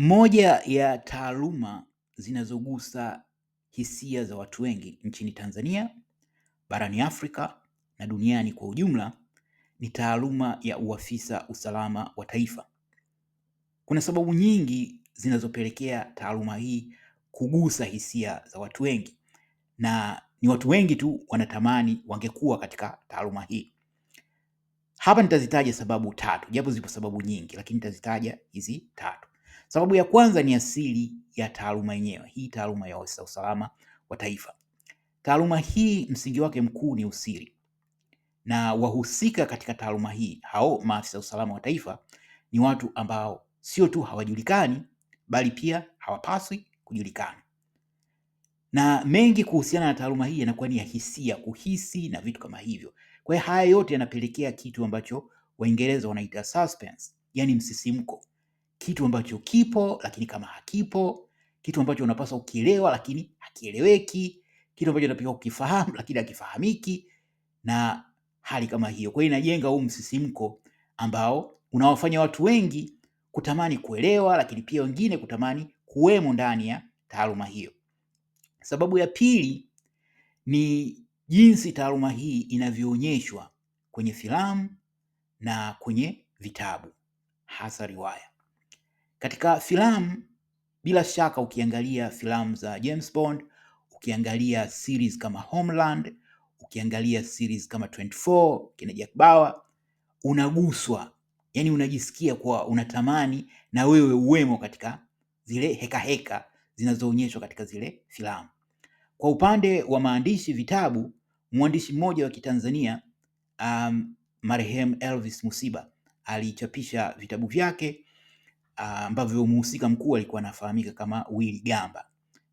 Moja ya taaluma zinazogusa hisia za watu wengi nchini Tanzania, barani Afrika na duniani kwa ujumla ni taaluma ya uafisa usalama wa taifa. Kuna sababu nyingi zinazopelekea taaluma hii kugusa hisia za watu wengi na ni watu wengi tu wanatamani wangekuwa katika taaluma hii. Hapa nitazitaja sababu tatu, japo zipo sababu nyingi, lakini nitazitaja hizi tatu. Sababu ya kwanza ni asili ya taaluma yenyewe, hii taaluma ya usalama wa taifa. Taaluma hii msingi wake mkuu ni usiri, na wahusika katika taaluma hii hao maafisa usalama wa taifa ni watu ambao sio tu hawajulikani, bali pia hawapaswi kujulikana. Na mengi kuhusiana na taaluma hii yanakuwa ni ya hisia, kuhisi na vitu kama hivyo. Kwa hiyo haya yote yanapelekea kitu ambacho Waingereza wanaita suspense, yani msisimko kitu ambacho kipo lakini kama hakipo, kitu ambacho unapaswa ukielewa lakini hakieleweki, kitu ambacho unapaswa ukifahamu lakini hakifahamiki na hali kama hiyo. Kwa hiyo inajenga huu msisimko ambao unawafanya watu wengi kutamani kuelewa, lakini pia wengine kutamani kuwemo ndani ya taaluma hiyo. Sababu ya pili ni jinsi taaluma hii inavyoonyeshwa kwenye filamu na kwenye vitabu, hasa riwaya. Katika filamu bila shaka, ukiangalia filamu za James Bond, ukiangalia series kama Homeland, ukiangalia series kama 24 kina Jack Bauer, unaguswa yani, unajisikia kwa unatamani na wewe uwemo katika zile heka heka zinazoonyeshwa katika zile filamu. Kwa upande wa maandishi vitabu, mwandishi mmoja wa Kitanzania um, marehemu Elvis Musiba alichapisha vitabu vyake Ah, ambavyo muhusika mkuu alikuwa anafahamika kama Willy Gamba.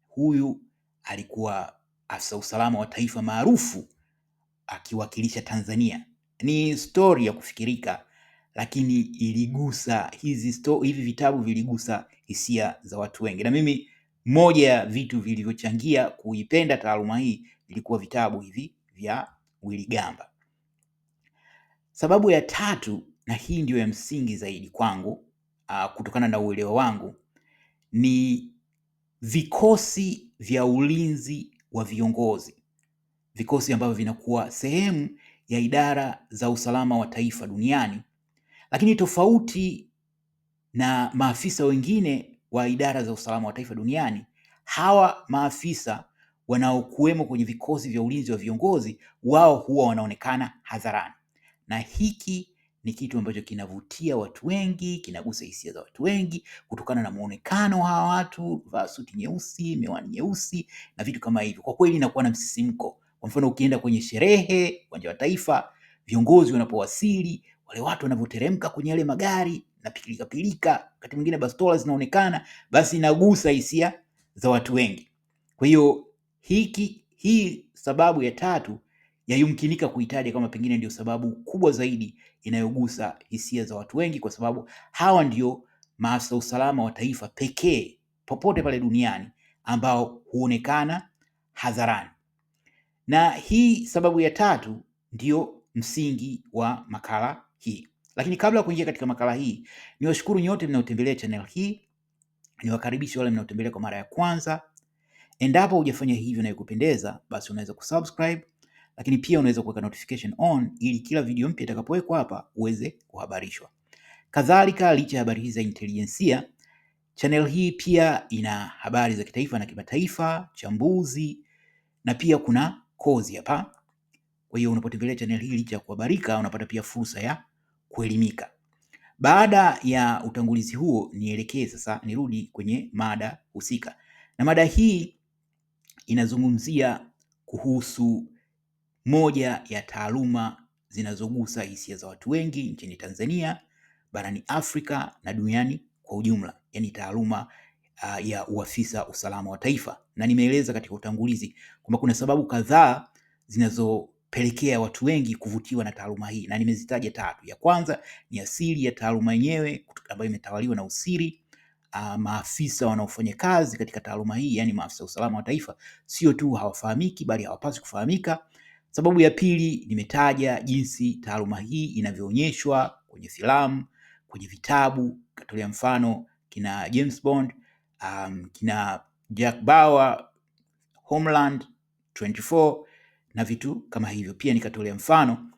Huyu alikuwa afisa usalama wa taifa maarufu akiwakilisha Tanzania. Ni stori ya kufikirika, lakini iligusa hizi sto, hivi vitabu viligusa hisia za watu wengi, na mimi moja ya vitu vilivyochangia kuipenda taaluma hii vilikuwa vitabu hivi vya Willy Gamba. Sababu ya tatu, na hii ndiyo ya msingi zaidi kwangu, uh, kutokana na uelewa wangu ni vikosi vya ulinzi wa viongozi, vikosi ambavyo vinakuwa sehemu ya idara za usalama wa taifa duniani, lakini tofauti na maafisa wengine wa idara za usalama wa taifa duniani, hawa maafisa wanaokuwemo kwenye vikosi vya ulinzi wa viongozi, wao huwa wanaonekana hadharani, na hiki ni kitu ambacho kinavutia watu wengi, kinagusa hisia za watu wengi kutokana na muonekano wa hawa watu, vaa suti nyeusi, miwani nyeusi na vitu kama hivyo. Kwa kweli inakuwa na msisimko. Kwa mfano, ukienda kwenye sherehe, uwanja wa Taifa, viongozi wanapowasili, wale watu wanavyoteremka kwenye yale magari na pilika pilika, wakati mwingine bastola zinaonekana, basi inagusa hisia za watu wengi. Kwa hiyo hiki hii sababu ya tatu yayumkinika kuitaja kama pengine ndio sababu kubwa zaidi inayogusa hisia za watu wengi, kwa sababu hawa ndio maafisa usalama wa taifa pekee popote pale duniani ambao huonekana hadharani. Na hii sababu ya tatu ndiyo msingi wa makala hii. Lakini kabla ya kuingia katika makala hii, niwashukuru nyote mnaotembelea channel hii, niwakaribishe wale mnaotembelea kwa mara ya kwanza. Endapo hujafanya hivyo na ikupendeza, basi unaweza kusubscribe lakini pia unaweza kuweka notification on ili kila video mpya itakapowekwa hapa uweze kuhabarishwa. Kadhalika, licha ya habari hizi za intelijensia, channel hii pia ina habari za kitaifa na kimataifa, chambuzi na pia kuna kozi hapa. Kwa hiyo unapotembelea channel hii, licha ya kuhabarika, unapata pia fursa ya kuelimika. Baada ya utangulizi huo, nielekee sasa, nirudi kwenye mada husika, na mada hii inazungumzia kuhusu moja ya taaluma zinazogusa hisia za watu wengi nchini Tanzania, barani Afrika na duniani kwa ujumla, yaani taaluma uh, ya uafisa usalama wa taifa, na nimeeleza katika utangulizi kwamba kuna sababu kadhaa zinazopelekea watu wengi kuvutiwa na taaluma hii, na nimezitaja tatu. Ya kwanza ni asili ya taaluma yenyewe ambayo imetawaliwa na usiri. Uh, maafisa wanaofanya kazi katika taaluma hii, yaani maafisa usalama wa taifa, sio tu hawafahamiki bali hawapaswi kufahamika. Sababu ya pili nimetaja jinsi taaluma hii inavyoonyeshwa kwenye filamu, kwenye vitabu, katolea mfano kina James Bond, um, kina Jack Bauer, Homeland 24 na vitu kama hivyo. Pia nikatolea mfano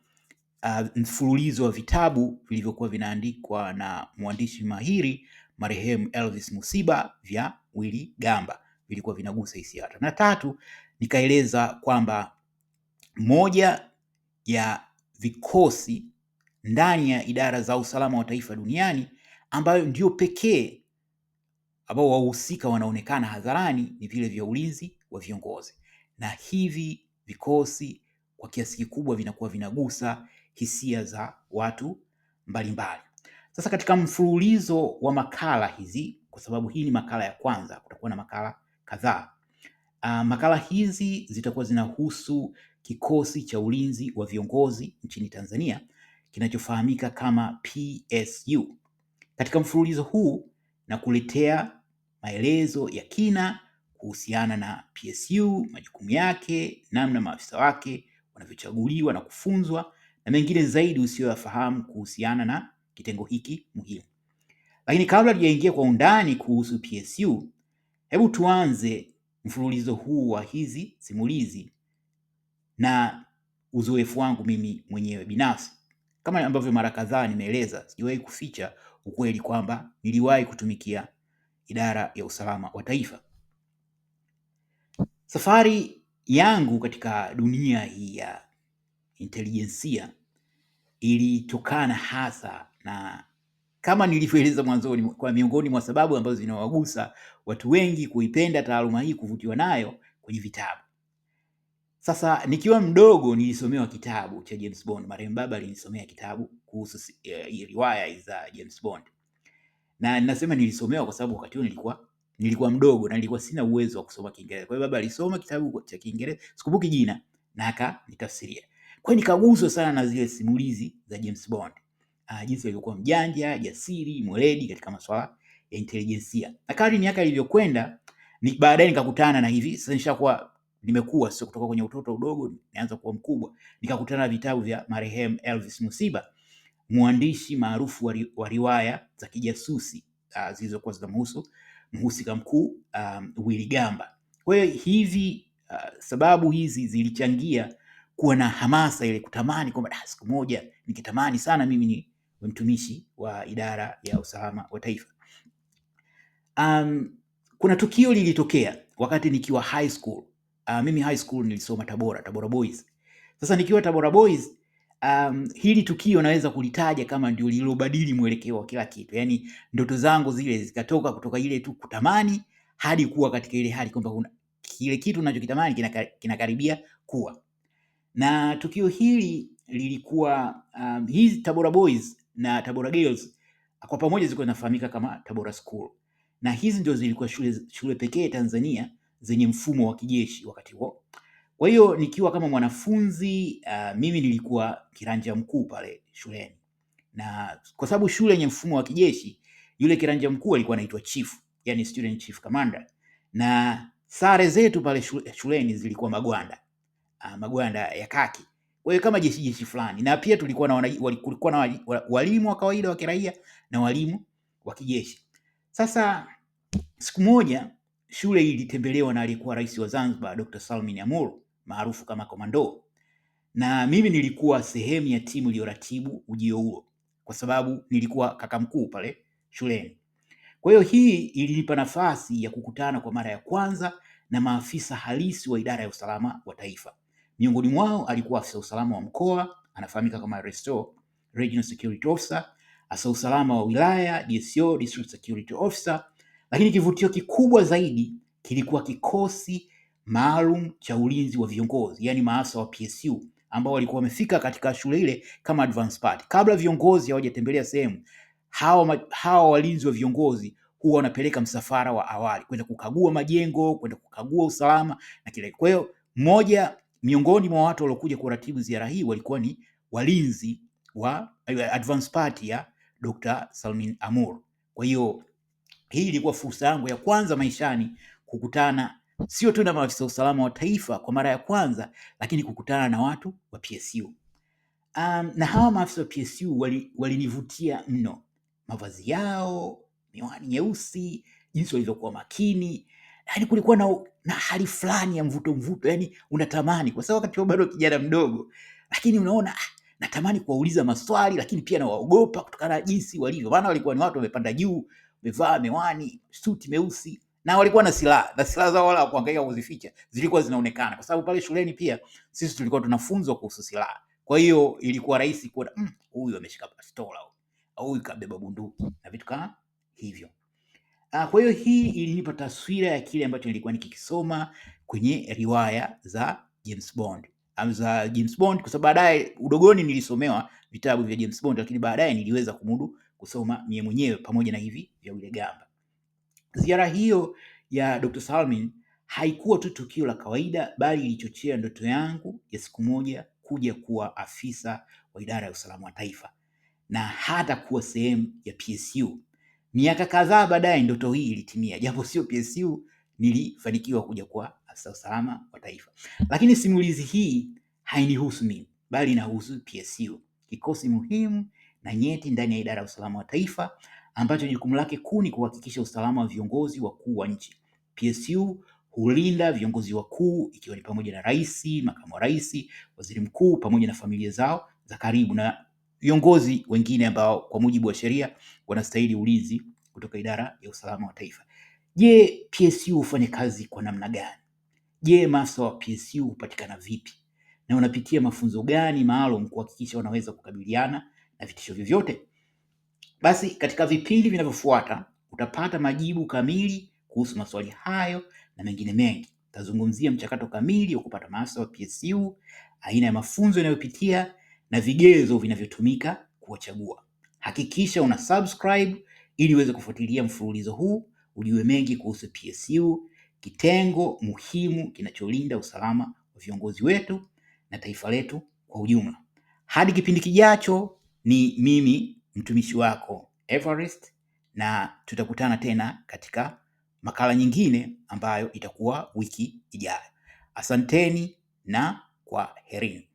uh, mfululizo wa vitabu vilivyokuwa vinaandikwa na mwandishi mahiri marehemu Elvis Musiba vya Willy Gamba vilikuwa vinagusa hisia. Na tatu nikaeleza kwamba moja ya vikosi ndani ya idara za usalama wa taifa duniani ambayo ndio pekee ambao wahusika wanaonekana hadharani ni vile vya ulinzi wa viongozi, na hivi vikosi kwa kiasi kikubwa vinakuwa vinagusa hisia za watu mbalimbali. Sasa katika mfululizo wa makala hizi, kwa sababu hii ni makala ya kwanza, kutakuwa na makala kadhaa. Uh, makala hizi zitakuwa zinahusu kikosi cha ulinzi wa viongozi nchini Tanzania kinachofahamika kama PSU. Katika mfululizo huu na kuletea maelezo ya kina kuhusiana na PSU, majukumu yake, namna maafisa wake wanavyochaguliwa na kufunzwa na mengine zaidi usiyoyafahamu kuhusiana na kitengo hiki muhimu. Lakini kabla tujaingia kwa undani kuhusu PSU, hebu tuanze mfululizo huu wa hizi simulizi na uzoefu wangu mimi mwenyewe binafsi. Kama ambavyo mara kadhaa nimeeleza, sijawahi kuficha ukweli kwamba niliwahi kutumikia idara ya usalama wa taifa. Safari yangu katika dunia hii ya intelijensia ilitokana hasa na kama nilivyoeleza mwanzoni, kwa miongoni mwa sababu ambazo zinawagusa watu wengi kuipenda taaluma hii, kuvutiwa nayo kwenye vitabu. Sasa nikiwa mdogo nilisomewa kitabu cha James Bond. Marehemu baba alinisomea kitabu kuhusu uh, riwaya za James Bond, na ninasema nilisomewa kwa sababu wakati huo nilikuwa nilikuwa mdogo na nilikuwa sina uwezo wa kusoma Kiingereza. Kwa hiyo baba alisoma kitabu cha Kiingereza, sikumbuki jina, na akanitafsiria. Kwa hiyo nikaguswa sana na zile simulizi za James Bond, uh, jinsi alivyokuwa mjanja, jasiri, mweledi katika masuala ya intelligence. na kadri miaka ilivyokwenda ni baadaye nikakutana na hivi sasa nishakuwa nimekuwa sio kutoka kwenye utoto udogo, nianza kuwa mkubwa, nikakutana na vitabu vya marehemu Elvis Musiba, mwandishi maarufu wa wa riwaya za kijasusi uh, zilizokuwa zinamhusu mhusika mkuu um, Willy Gamba. Kwa hiyo hivi uh, sababu hizi zilichangia kuwa na hamasa ile kutamani kwamba siku moja nikitamani sana mimi ni mtumishi wa idara ya usalama wa taifa. Um, kuna tukio lilitokea wakati nikiwa high school Uh, mimi high school nilisoma Tabora, Tabora Boys. Sasa nikiwa Tabora Boys, um, hili tukio naweza kulitaja kama ndio lililobadili mwelekeo wa kila kitu. Yaani ndoto zangu zile zikatoka kutoka ile tu kutamani hadi kuwa katika ile hali kwamba kuna kile kitu unachokitamani kinakaribia kina kuwa. Na tukio hili lilikuwa um, hizi Tabora Boys na Tabora Girls kwa pamoja zilikuwa zinafahamika kama Tabora School. Na hizi ndio zilikuwa shule, shule pekee Tanzania zenye mfumo wa kijeshi wakati huo. Kwa hiyo nikiwa kama mwanafunzi uh, mimi nilikuwa kiranja mkuu pale shuleni, na kwa sababu shule yenye mfumo wa kijeshi, yule kiranja mkuu alikuwa anaitwa chief, yani student chief commander, na sare zetu pale shuleni zilikuwa magwanda uh, magwanda ya kaki, kwa hiyo kama jeshi jeshi fulani, na pia tulikuwa na walikuwa na walimu wa kawaida wa kiraia na walimu wa kijeshi. Sasa siku moja Shule hii ilitembelewa na aliyekuwa rais wa Zanzibar Dr. Salmin Amur maarufu kama Komando, na mimi nilikuwa sehemu ya timu iliyoratibu ujio huo kwa sababu nilikuwa kaka mkuu pale shuleni. Kwa hiyo hii ilinipa nafasi ya kukutana kwa mara ya kwanza na maafisa halisi wa idara ya usalama wa taifa. Miongoni mwao alikuwa afisa usalama wa mkoa anafahamika kama RSO, Regional Security Officer, afisa usalama wa wilaya DSO, District Security Officer, lakini kivutio kikubwa zaidi kilikuwa kikosi maalum cha ulinzi wa viongozi, yaani maafisa wa PSU ambao walikuwa wamefika katika shule ile kama advance party. Kabla viongozi hawajatembelea sehemu, hawa hawa walinzi wa viongozi huwa wanapeleka msafara wa awali kwenda kukagua majengo, kwenda kukagua usalama na kile. Kwa hiyo moja miongoni mwa watu waliokuja kuratibu ziara hii walikuwa ni walinzi wa eh, advance party ya Dr. Salmin Amour. Kwa hiyo hii ilikuwa fursa yangu ya kwanza maishani kukutana sio tu na maafisa wa usalama wa taifa kwa mara ya kwanza, lakini kukutana na watu wa PSU. Um, na hawa maafisa wa PSU walinivutia wali mno, mavazi yao, miwani nyeusi, jinsi walivyokuwa makini, yaani kulikuwa na, na hali fulani ya mvuto mvuto, yani unatamani kwa sababu wakati bado kijana mdogo, lakini unaona ah, natamani kuwauliza maswali, lakini pia nawaogopa kutokana na jinsi walivyo, maana walikuwa ni watu wamepanda juu wamevaa miwani, suti meusi na walikuwa na silaha na silaha zao wala kuangalia kuzificha, zilikuwa zinaonekana, kwa sababu pale shuleni pia sisi tulikuwa tunafunzwa kuhusu silaha. Kwa hiyo ilikuwa rahisi kuona hmm, huyu ameshika pistola au huyu kabeba bunduki na vitu kama hivyo. Ah, kwa hiyo hii ilinipa taswira ya kile ambacho nilikuwa nikikisoma kwenye riwaya za James Bond za James Bond, kwa sababu baadaye udogoni nilisomewa vitabu vya James Bond, lakini baadaye niliweza kumudu kusoma mie mwenyewe pamoja na hivi vya Willy Gamba. Ziara hiyo ya Dr. Salmin haikuwa tu tukio la kawaida, bali ilichochea ndoto yangu ya siku moja kuja kuwa afisa wa idara ya usalama wa taifa na hata kuwa sehemu ya PSU. Miaka kadhaa baadaye ndoto hii ilitimia, japo sio PSU, nilifanikiwa kuja kuwa afisa usalama wa taifa. Lakini simulizi hii hainihusu mimi, bali inahusu PSU, kikosi muhimu na nyeti ndani ya idara ya usalama wa taifa ambacho jukumu lake kuu ni kuhakikisha usalama wa viongozi wakuu wa nchi. PSU hulinda viongozi wakuu ikiwa ni pamoja na rais, makamu wa rais, waziri mkuu pamoja na familia zao za karibu na viongozi wengine ambao kwa mujibu wa sheria wanastahili ulinzi kutoka idara ya usalama wa taifa. Je, PSU hufanya kazi kwa namna gani? Je, maafisa wa PSU hupatikana vipi na unapitia mafunzo gani maalum kuhakikisha wanaweza kukabiliana na vitisho vyovyote. Basi katika vipindi vinavyofuata utapata majibu kamili kuhusu maswali hayo na mengine mengi. Tazungumzia mchakato kamili wa kupata maafisa wa PSU, aina ya mafunzo yanayopitia na vigezo vinavyotumika kuwachagua. Hakikisha una subscribe ili uweze kufuatilia mfululizo huu, ujue mengi kuhusu PSU, kitengo muhimu kinacholinda usalama wa viongozi wetu na taifa letu kwa ujumla. Hadi kipindi kijacho. Ni mimi mtumishi wako Everest, na tutakutana tena katika makala nyingine ambayo itakuwa wiki ijayo. Asanteni na kwa herini.